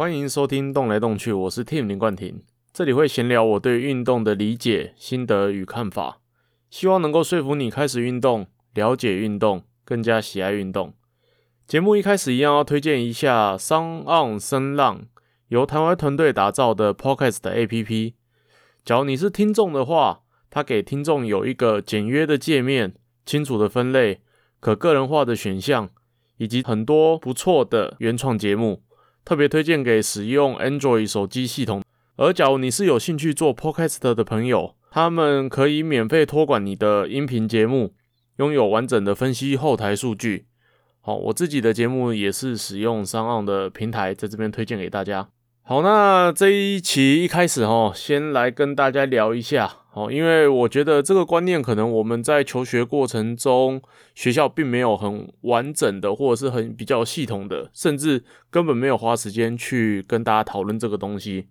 歡迎收聽動來動去，我是 Tim 林冠廷，這裡會閒聊我對運動的理解、心得與看法，希望能夠說服你開始運動，了解運動，更加喜愛運動。節目一開始一樣要推薦一下《Sound 聲浪》，由台灣團隊打造的 Podcast APP。假如你是聽眾的話，它給聽眾有一個簡約的界面、清楚的分類、可個人化的選項，以及很多不錯的原創節目。特別推薦給使用 Android 手機系統。而假如你是有興趣做 podcast 的朋友，他們可以免費託管你的音頻節目，擁有完整的分析後台數據。好，我自己的節目也是使用 SoundOn 的平台，在這邊推薦給大家。好，那這一期一開始哦，先來跟大家聊一下。好，因為我覺得這個觀念可能我們在求學過程中，學校並沒有很完整的，或者是很比較系統的，甚至根本沒有花時間去跟大家討論這個東西。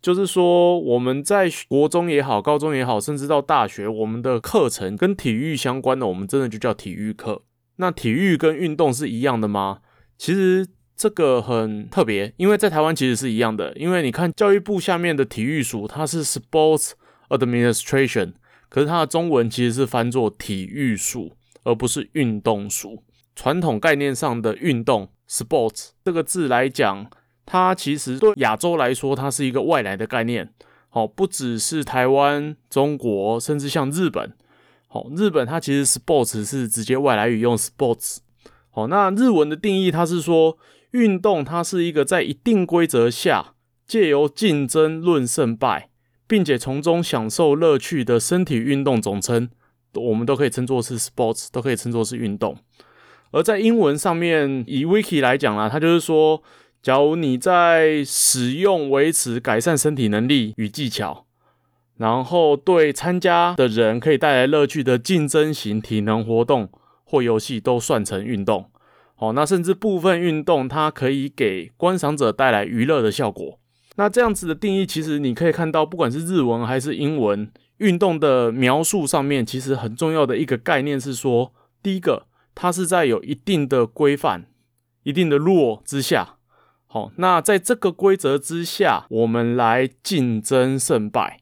就是說，我們在國中也好，高中也好，甚至到大學，我們的課程跟體育相關的，我們真的就叫體育課。那體育跟運動是一樣的嗎？其實這個很特別，因為在台灣其實是一樣的，因為你看教育部下面的體育署，它是 sports。Administration，可是它的中文其實是翻作體育署，而不是運動署。傳統概念上的運動 （sports） 這個字來講，它其實對亞洲來說，它是一個外來的概念。好，不只是台灣、中國，甚至像日本。好，日本它其實 sports 是直接外來語，用 sports。好，那日文的定義，它是說運動，它是一個在一定規則下，借由競爭論勝敗。並且從中享受樂趣的身體運動總稱，我們都可以稱作是 sports，都可以稱作是運動。而在英文上面，以 wiki 來講啦，它就是說，假如你在使用、維持、改善身體能力與技巧，然後對參加的人可以帶來樂趣的競爭型體能活動或遊戲，都算成運動。好，那甚至部分運動，它可以給觀賞者帶來娛樂的效果。那這樣子的定義，其實你可以看到，不管是日文還是英文，運動的描述上面，其實很重要的一個概念是說，第一個，它是在有一定的規範、一定的落之下。好，那在這個規則之下，我們來競爭勝敗。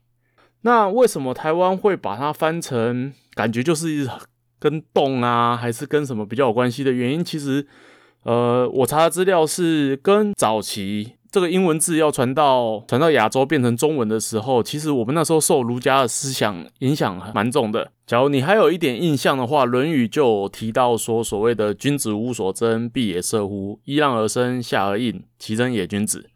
那為什麼台灣會把它翻成，感覺就是跟動啊，還是跟什麼比較有關係的原因？其實，呃，我查的資料是跟早期。這個英文字要傳到傳到亞洲變成中文的時候，其實我們那時候受儒家的思想影響蠻重的。假如你還有一點印象的話，《論語》就提到說，所謂的“君子無所爭，必也射乎？揖讓而升，下而飲，其爭也君子。”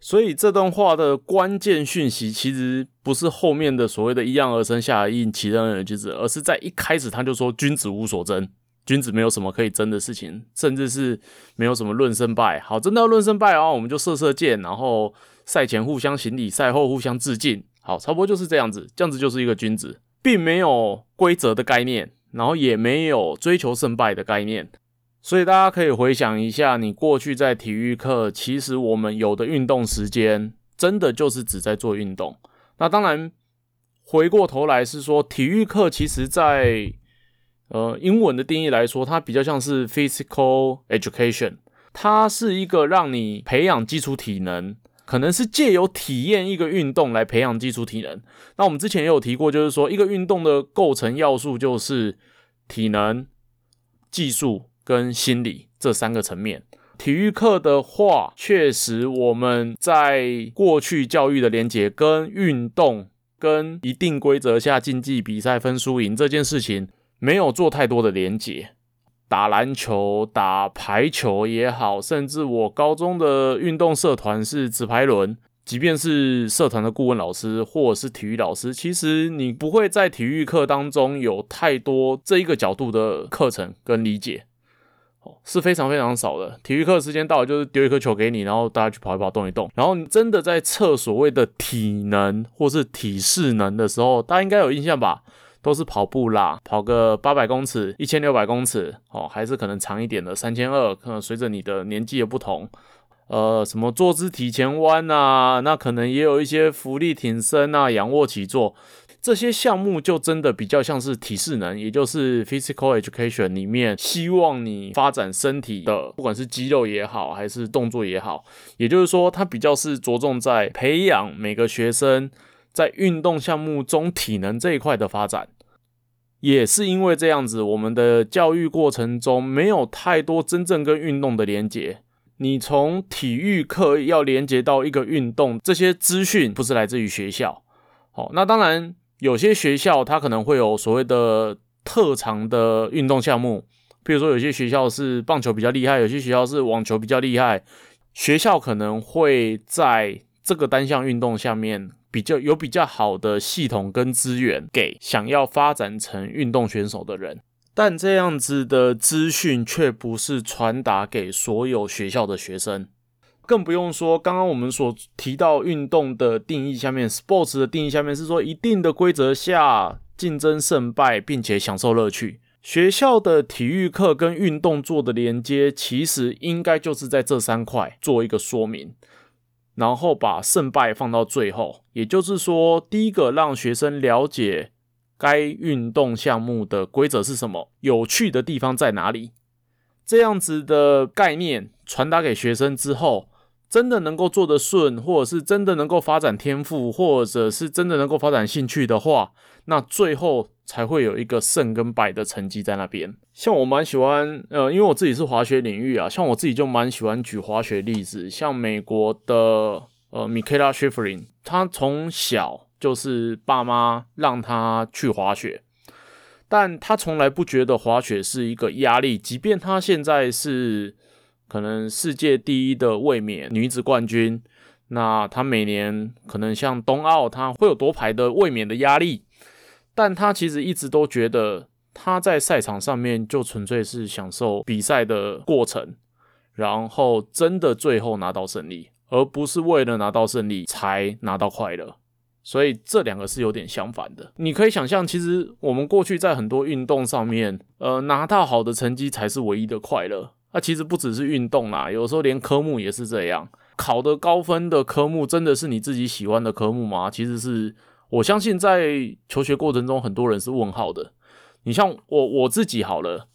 所以這段話的關鍵訊息，其實不是後面的所謂的“揖讓而升，下而飲，其爭也君子”，而是在一開始他就說“君子無所爭”。君子沒有什麼可以爭的事情，甚至是沒有什麼論勝敗。好，真的要論勝敗的、啊、話，我們就射射箭，然後賽前互相行禮，賽後互相致敬。好，差不多就是這樣子，這樣子就是一個君子，並沒有規則的概念，然後也沒有追求勝敗的概念。所以大家可以回想一下，你過去在體育課，其實我們有的運動時間，真的就是只在做運動。那當然，回過頭來是說，體育課其實在。呃，英文的定義來說，它比較像是 physical education，它是一個讓你培養基礎體能，可能是借由體驗一個運動來培養基礎體能。那我們之前也有提過，就是說一個運動的構成要素就是體能、技術跟心理這三個層面。體育課的話，確實我們在過去教育的連結跟運動，跟一定規則下競技比賽分輸贏這件事情。沒有做太多的連結，打籃球、打排球也好，甚至我高中的運動社團是直排輪，即便是社團的顧問老師或者是體育老師，其實你不會在體育課當中有太多這一個角度的課程跟理解，哦，是非常非常少的。體育課時間到了，就是丟一顆球給你，然後大家去跑一跑、動一動，然後你真的在測所謂的體能或是體適能的時候，大家應該有印象吧？都是跑步啦，跑個八百公尺、一千六百公尺，哦，還是可能長一點的三千二。3200, 可能隨着你的年紀的不同，呃，什麼坐姿體前彎啊，那可能也有一些伏地挺身啊、仰臥起坐這些項目，就真的比較像是體適能，也就是 physical education 裡面希望你發展身體的，不管是肌肉也好，還是動作也好。也就是說，它比較是着重在培養每個學生。在運動項目中，體能這一塊的發展，也是因為這樣子，我們的教育過程中沒有太多真正跟運動的連接。你從體育課要連接到一個運動，這些資訊不是來自於學校。好，那當然有些學校它可能會有所謂的特長的運動項目，比如說有些學校是棒球比較厲害，有些學校是網球比較厲害。學校可能會在這個單項運動下面。比較有比較好的系統跟資源給想要發展成運動選手的人，但這樣子的資訊卻不是傳達給所有學校的學生，更不用說剛剛我們所提到運動的定義下面，Sports 的定義下面是說一定的規則下競爭勝敗，並且享受樂趣。學校的體育課跟運動做的連接，其實應該就是在這三塊做一個說明。然後把勝敗放到最後，也就是說，第一個讓學生了解該運動項目的規則是什麼，有趣的地方在哪裡。這樣子的概念傳達給學生之後，真的能夠做得順，或者是真的能夠發展天賦，或者是真的能夠發展興趣的話，那最後。才會有一個勝跟敗的成績在那邊。像我蠻喜歡，呃，因為我自己是滑雪領域啊，像我自己就蠻喜歡舉滑雪例子。像美國的呃米凱拉·雪弗林，她從小就是爸媽讓她去滑雪，但他從來不覺得滑雪是一個壓力。即便他現在是可能世界第一的衛冕女子冠軍，那她每年可能像冬奧，她會有奪牌的衛冕的壓力。但他其實一直都覺得他在賽場上面就純粹是享受比賽的過程，然後真的最後拿到勝利，而不是為了拿到勝利才拿到快樂。所以這兩個是有點相反的。你可以想象，其實我們過去在很多運動上面，呃，拿到好的成績才是唯一的快樂。那、啊、其實不只是運動啦，有時候連科目也是這樣。考得高分的科目真的是你自己喜歡的科目嗎？其實是。我相信在求學過程中，很多人是問號的。你像我我自己好了，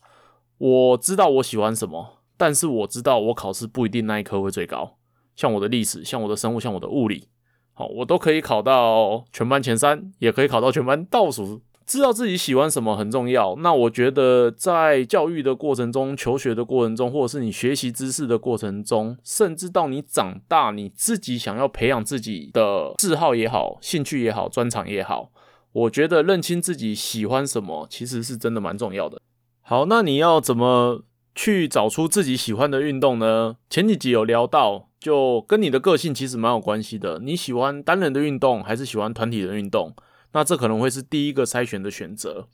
我知道我喜歡什麼，但是我知道我考試不一定那一科會最高。像我的歷史，像我的生物，像我的物理，好，我都可以考到全班前三，也可以考到全班倒數。知道自己喜歡什麼很重要。那我覺得，在教育的過程中、求學的過程中，或者是你學習知識的過程中，甚至到你長大，你自己想要培養自己的嗜好也好、興趣也好、專長也好，我覺得認清自己喜歡什麼，其實是真的蠻重要的。好，那你要怎麼去找出自己喜歡的運動呢？前幾集有聊到，就跟你的個性其實蠻有關係的。你喜歡單人的運動，還是喜歡團體的運動？那這可能會是第一個篩選的選擇。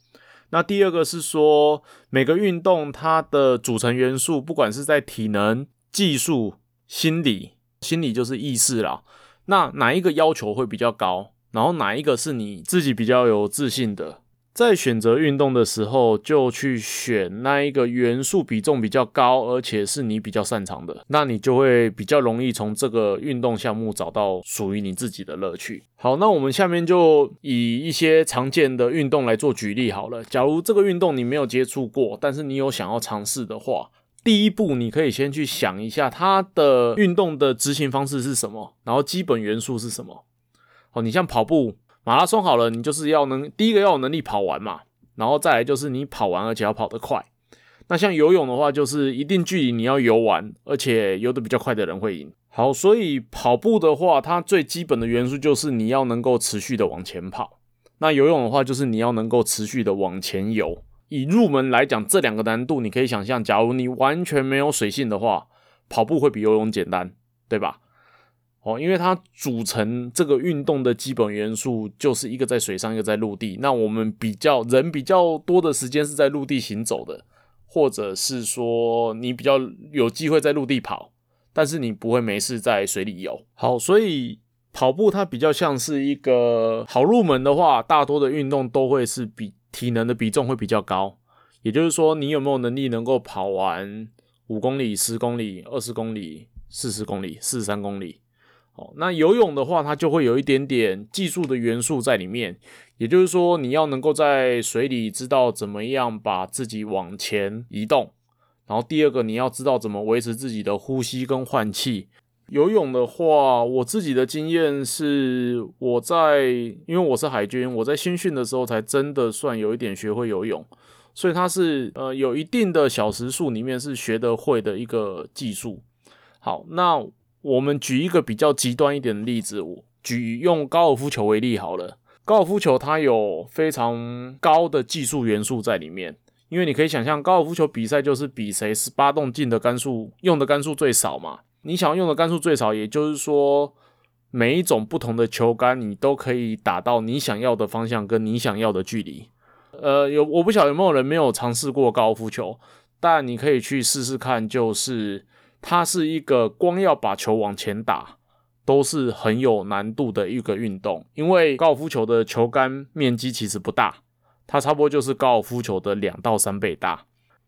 那第二個是說，每個運動它的組成元素，不管是在體能、技術、心理，心理就是意識啦，那哪一個要求會比較高？然後哪一個是你自己比較有自信的？在選擇運動的時候，就去選那一個元素比重比較高，而且是你比較擅長的，那你就會比較容易從這個運動項目找到屬於你自己的樂趣。好，那我們下面就以一些常見的運動來做舉例好了。假如這個運動你沒有接觸過，但是你有想要嘗試的話，第一步你可以先去想一下它的運動的執行方式是什麼，然後基本元素是什麼。好，你像跑步。馬拉松好了，你就是要能第一個要有能力跑完嘛，然後再來就是你跑完，而且要跑得快。那像游泳的話，就是一定距離你要游完，而且游得比較快的人會贏。好，所以跑步的話，它最基本的元素就是你要能夠持續的往前跑。那游泳的話，就是你要能夠持續的往前游。以入門來講，這兩個難度你可以想象，假如你完全沒有水性的話，跑步會比游泳簡單，對吧？哦，因為它組成這個運動的基本元素就是一個在水上，一個在陸地。那我們比較人比較多的時間是在陸地行走的，或者是說你比較有機會在陸地跑，但是你不會沒事在水裡游。好，所以跑步它比較像是一個好入門的話，大多的運動都會是比體能的比重會比較高。也就是說，你有沒有能力能夠跑完五公里、十公里、二十公里、四十公里、四十三公里？好，那游泳的話，它就會有一點點技術的元素在裡面。也就是說，你要能夠在水裡知道怎麼樣把自己往前移動，然後第二個，你要知道怎麼維持自己的呼吸跟換氣。游泳的話，我自己的經驗是，我在因為我是海軍，我在新訓的時候才真的算有一點學會游泳，所以它是呃有一定的小時數裡面是學得會的一個技術。好，那。我們舉一個比較極端一點的例子，我舉用高爾夫球為例好了。高爾夫球它有非常高的技術元素在裡面，因為你可以想象，高爾夫球比賽就是比誰十八洞進的桿數，用的桿數最少嘛。你想要用的桿數最少，也就是說，每一種不同的球桿你都可以打到你想要的方向跟你想要的距離。呃，有，我不曉得有沒有人沒有嘗試過高爾夫球，但你可以去試試看，就是。它是一個光要把球往前打都是很有難度的一個運動，因為高爾夫球的球桿面積其實不大，它差不多就是高爾夫球的兩到三倍大，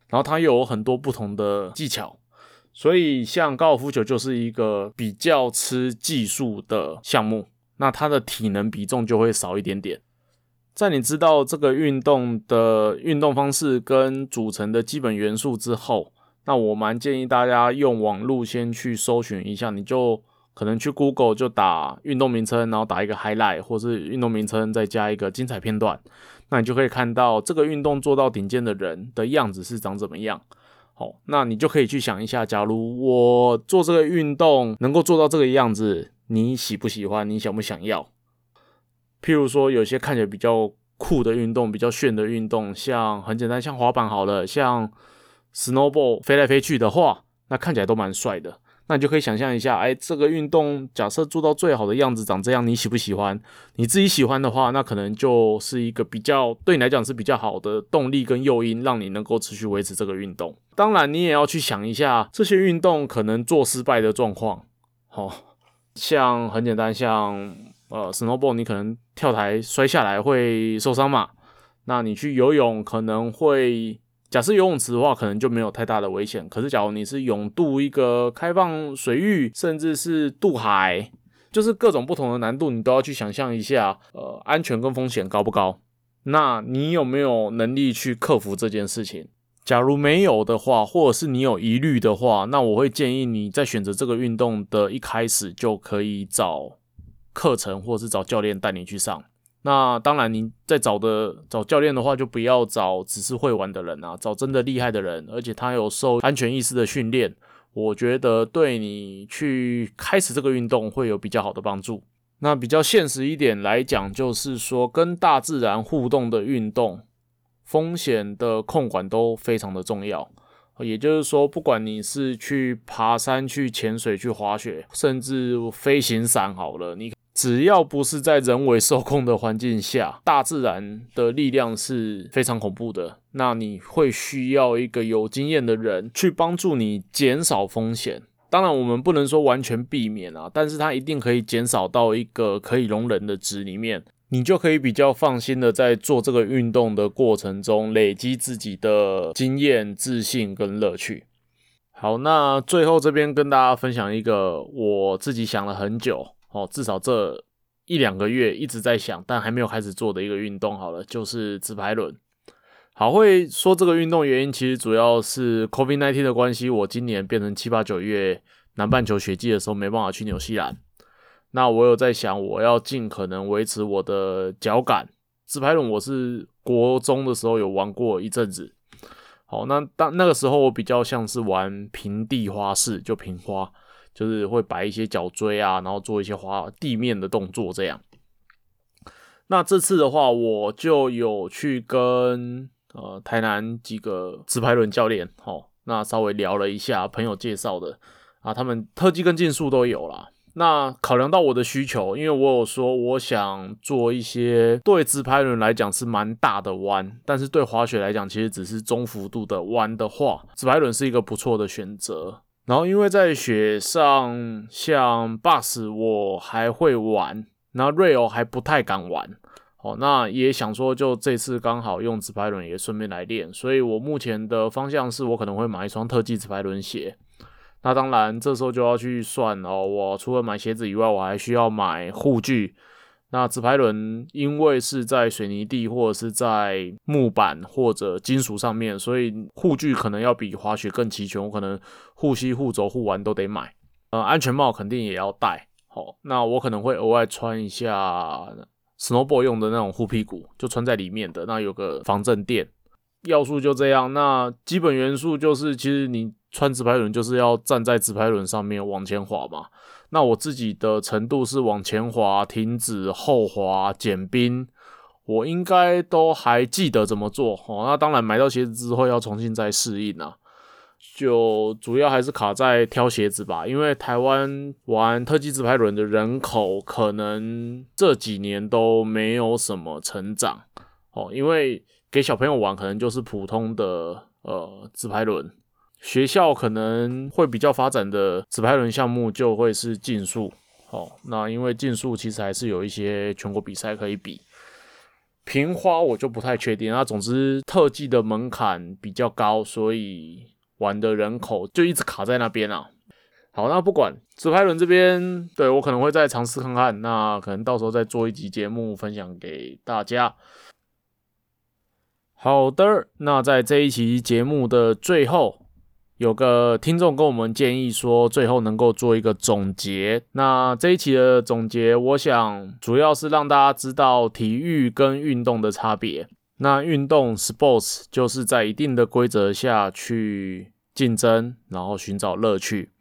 然後它又有很多不同的技巧，所以像高爾夫球就是一個比較吃技術的項目，那它的體能比重就會少一點點。在你知道這個運動的運動方式跟組成的基本元素之後。那我蠻建議大家用網絡先去搜尋一下，你就可能去 Google 就打運動名稱，然後打一個 highlight，或是運動名稱再加一個精彩片段，那你就可以看到這個運動做到頂尖的人的樣子是長怎麼樣。好，那你就可以去想一下，假如我做這個運動能夠做到這個樣子，你喜不喜歡？你想不想要？譬如說有些看起來比較酷的運動、比較炫的運動，像很簡單，像滑板好了，像。Snowball 飛來飛去的話，那看起來都蠻帥的。那你就可以想象一下，哎、欸，這個運動假設做到最好的樣子長這樣，你喜不喜歡？你自己喜歡的話，那可能就是一個比較對你來講是比較好的動力跟誘因，讓你能夠持續維持這個運動。當然，你也要去想一下，這些運動可能做失敗的狀況。好、哦，像很簡單，像呃，Snowball 你可能跳台摔下來會受傷嘛。那你去游泳可能會。假設游泳池的話，可能就沒有太大的危險。可是，假如你是泳渡一個開放水域，甚至是渡海，就是各種不同的難度，你都要去想象一下，呃，安全跟風險高不高？那你有沒有能力去克服這件事情？假如沒有的話，或者是你有疑慮的話，那我會建議你在選擇這個運動的一開始就可以找課程，或者是找教練帶你去上。那當然，你在找的找教練的話，就不要找只是會玩的人啊，找真的厲害的人，而且他有受安全意識的訓練，我覺得對你去開始這個運動會有比較好的幫助。那比較現實一點來講，就是說跟大自然互動的運動，風險的控管都非常的重要。也就是說，不管你是去爬山、去潛水、去滑雪，甚至飛行傘好了，你。只要不是在人為受控的環境下，大自然的力量是非常恐怖的。那你會需要一個有經驗的人去幫助你減少風險。當然，我們不能說完全避免啊，但是它一定可以減少到一個可以容忍的值裡面，你就可以比較放心的在做這個運動的過程中累積自己的經驗、自信跟樂趣。好，那最後這邊跟大家分享一個我自己想了很久。哦，至少這一兩個月一直在想，但還沒有開始做的一個運動好了，就是直排輪。好，會說這個運動原因，其實主要是 COVID-19 的關係，我今年變成七八九月南半球雪季的時候沒辦法去紐西蘭。那我有在想，我要盡可能維持我的腳感。直排輪，我是國中的時候有玩過一陣子。好，那當那個時候我比較像是玩平地花式，就平花。就是會擺一些腳錐啊，然後做一些滑地面的動作這樣。那這次的話，我就有去跟呃台南幾個直排輪教練，吼、哦，那稍微聊了一下，朋友介紹的啊，他們特技跟競速都有啦。那考量到我的需求，因為我有說我想做一些對直排輪來講是蠻大的彎，但是對滑雪來講其實只是中幅度的彎的話，直排輪是一個不錯的選擇。然後，因為在雪上，像 Bus 我還會玩，那 Rail 還不太敢玩。哦,那也想說，就這次剛好用直排輪也順便來練。所以我目前的方向是，我可能會買一雙特技直排輪鞋。那當然，這時候就要去算哦，我除了買鞋子以外，我還需要買護具。那直排輪因為是在水泥地或者是在木板或者金屬上面，所以護具可能要比滑雪更齊全。我可能護膝、護肘、護腕都得買，呃，安全帽肯定也要戴。好，那我可能會額外穿一下 snowboard 用的那種護屁股，就穿在裡面的。那有個防震墊。要素就這樣。那基本元素就是，其實你穿直排輪就是要站在直排輪上面往前滑嘛。那我自己的程度是往前滑、停止、後滑、減冰，我應該都還記得怎麼做。哦，那當然買到鞋子之後要重新再適應啊。就主要還是卡在挑鞋子吧，因為台灣玩特技直排輪的人口可能這幾年都沒有什麼成長。哦，因為給小朋友玩可能就是普通的呃直排輪。學校可能會比較發展的直排輪項目就會是競速，好，那因為競速其實還是有一些全國比賽可以比。平花我就不太確定，那總之特技的門檻比較高，所以玩的人口就一直卡在那邊啊。好，那不管直排輪這邊，對，我可能會再嘗試看看，那可能到時候再做一集節目分享給大家。好的，那在這一期節目的最後。有個聽眾跟我們建議說，最後能夠做一個總結。那這一期的總結，我想主要是讓大家知道體育跟運動的差別。那運動 sports 就是在一定的規則下去競爭，然後尋找樂趣。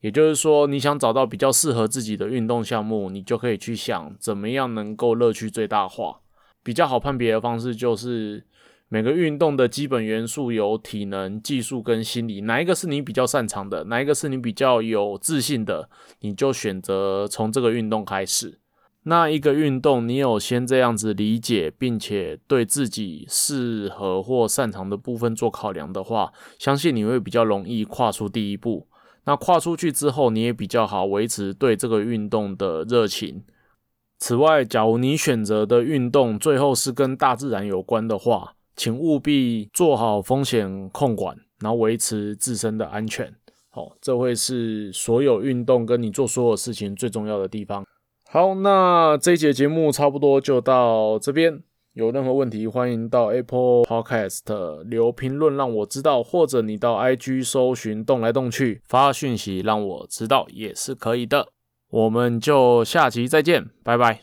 也就是說，你想找到比較適合自己的運動項目，你就可以去想怎麼樣能夠樂趣最大化。比較好判別的方式就是，每個運動的基本元素有體能、技術跟心理，哪一個是你比較擅長的，哪一個是你比較有自信的，你就選擇從這個運動開始。那一個運動你有先這樣子理解，並且對自己適合或擅長的部分做考量的話，相信你會比較容易跨出第一步。那跨出去之後，你也比較好維持對這個運動的熱情。此外，假如你選擇的運動最後是跟大自然有關的話，請務必做好風險控管，然後維持自身的安全。好、哦，這會是所有運動跟你做所有事情最重要的地方。好，那這一節節目差不多就到這邊。有任何問題，歡迎到 Apple Podcast 留評論讓我知道，或者你到 IG 搜尋“動來動去”發訊息讓我知道也是可以的。我們就下集再見，拜拜。